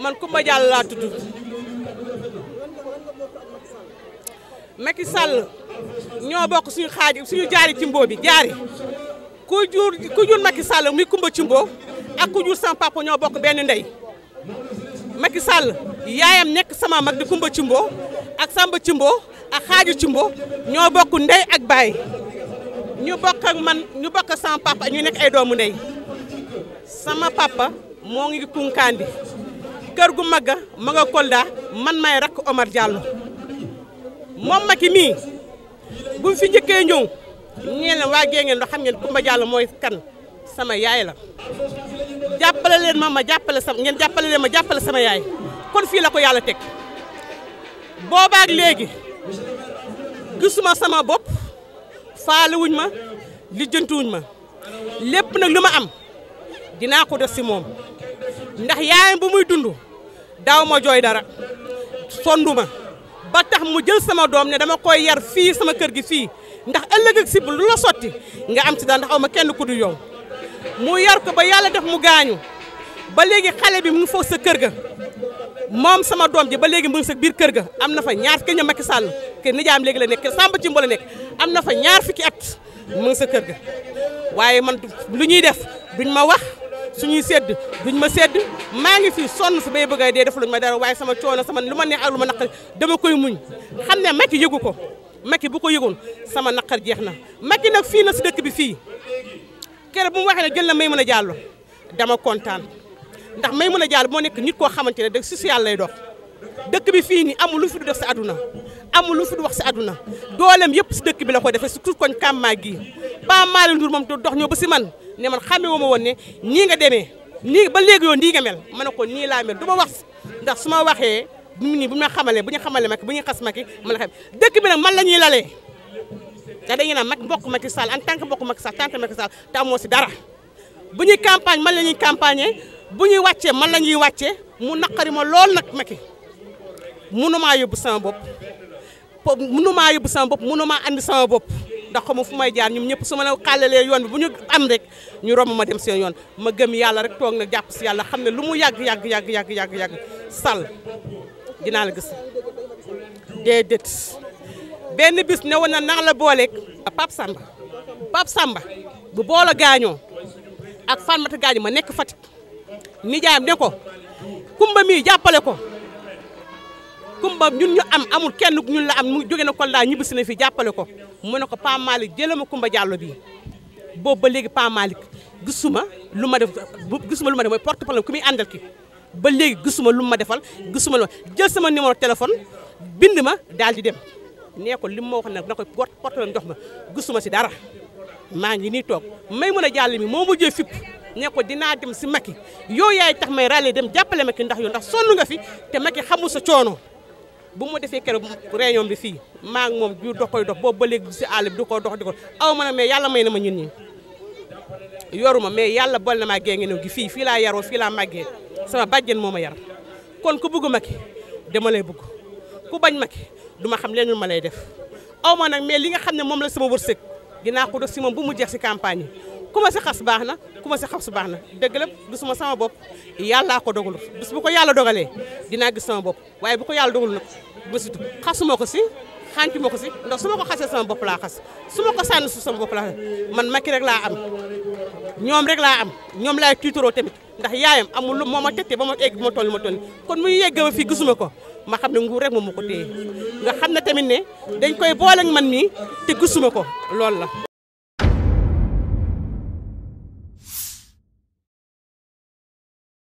man Kumba Diallo laa tudd ñoo bokk suñu xaaj suñu jaari cimboo bi jaari ku jur ku jur Macky Sall muy Kumba cimboo ak ku sama papa ñoo bokk benn ndey Macky Sall yaayam nekk sama mag di Kumba cimboo ak Samba cimboo ak xaaju cimboo ñoo bokk ndey ak baay ñu bokk ak man ñu bokk sama papa ñu nekk ay doomu ndey sama papa moo ngi kunkaandi kër gu mag ma koldaa man may rakk Omar Diallo moom ki mii bu fi njëkkee ñëw ñee leen waa gee ngeen doo xam ngeen Kumba Diallo mooy kan sama yaay la jàppale leen ma ma jàppale sama ngeen jàppale leen ma jàppale sama yaay kon fii la ko yàlla teg boobaak léegi gisuma sama bopp faaluwuñ ma lijjantiwuñ ma lépp nag lu ma am dinaa ko def si moom ndax yaay bu muy dund daaw ma jooy dara sonduma ba tax mu jël sama doom ne dama koy yar fii sama kër gi fii ndax ëllëg si sib lu la sotti nga am si daal ndax aw ma kenn ku du yow mu yar ko ba yàlla def mu gaañu ba léegi xale bi mu ngi foog sa kër ga moom sama doom ji ba léegi mu ngi biir kër ga am na fa ñaar fukki ñoom Macky Sall kër nijaam léegi la nekk kër Samba Thimbo la nekk am na fa ñaar fukki at mu sa kër ga waaye man lu ñuy def duñ ma wax suñuy sedd duñ ma sedd maa ngi fi sonn fi bay bëgg dee defu luñ ma dara waaye sama coono sama lu ma neex ak lu ma naqari dama koy muñ xam ne Macky yëgu ko Macky bu ko yëgoon sama naqar jeex na Macky nag fii na si dëkk bi fii keroog bu mu waxee ne jël na may mën a jàll dama kontaan ndax may mën a jàll moo nekk nit koo xamante ne de social lay dox dëkk bi fii nii amul lu fi du def si àdduna amul lu fi du wax si àdduna dooleem yëpp si dëkk bi la ko defee su koñ kàmmaa gii Paa Malick Ndour moom dox ñoo ba si man ne man xame wu ma woon ne nii nga demee nii ba léegi yoon nii nga mel ma ne ko nii laa mel du ma wax ndax su ma waxee nit ñi bu ma xamalee bu ñu xamalee Macky bu ñu xas Macky ma la xam dëkk bi nag man la ñuy lalee te dañuy naan mag mbokk Macky Sall en tant que mbokk Macky Sall tant que Macky Sall te si dara bu ñuy campagne man la ñuy campagner bu ñuy wàccee man la ñuy wàccee mu naqari ma lool nag Macky mënumaa yóbbu sama bopp mënumaa yóbbu sama bopp mënumaa andi sama bopp ndax xamu fu may jaar ñoom ñëpp su ma la xàllalee yoon bi bu ñu am rek ñu romb ma dem seen yoon ma gëm yàlla rek toog nag jàpp si yàlla xam ne lu mu yàgg yàgg yàgg yàgg yàgg yàgg sàll dinaa la gis benn bis ne woon na naa la booleeg Pape Samba Pape Samba bu boole gaañoo ak Fatmata gaañu ma nekk Fatick nijaayam ne ko kumba mii jàppale ko kumba ñun ñu am amul kenn ñun la am mu jóge na Kolda ñibbisi na fi jàppale ko mu ne ko Pa Malick jëlee ma Kumba Diallo bii boobu ba léegi Pa Malick gisuma lu ma def gisuma lu ma def mooy porte problème ku muy àndal ki ba léegi gisuma lu ma defal gisuma lu ma jël sama numéro téléphone bind ma daal di dem nee ko li ma wax nag na ko porte problème jox ma gisuma si dara maa ngi nii toog may mën a jàll mi moo mujjee fipp ne ko dinaa dem si Macky yow yaay tax may ràllee dem jàppale ki ndax yow ndax sonn nga fi te Macky xamul sa coono. bu mu defee keroog réunion bi fii maa moom jur dox koy dox boobu ba léegi si àll bi du koo dox di ko aw ma mais yàlla may na ma ñun ñi yoruma mais yàlla bol na maa gée gi fii fii laa yaroo fii laa màggee sama bàjjen moo ma yar kon ku bëgg Macky dama lay bëgg ku bañ du ma xam leen ma lay def aw ma nag mais li nga xam ne moom la sama wërsëg dinaa ko def si moom bu mu jeex si campagne yi ku ma si xas baax na ku ma si xas baax na dëgg la gisuma sama bopp yàllaa ko dogalu bis bu ko yàlla dogalee dinaa gis sama bopp waaye bu ko yàlla dogalu nag bësitu xasuma ko si xànc ma ko si ndax su ma ko xasee sama bopp laa xas su ma ko sànni su sama bopp laa man makki rek laa am ñoom rek laa am ñoom laay tuutaroo tamit ndax yaayam amul lu moo ma tette ba ma egg ma toll ma toll kon mu ñu yeggee ma fii gisuma ko ma xam ne nguur rek moom ma ko téye nga xam ne tamit ne dañ koy boole ak man mii te gisuma ko loolu la.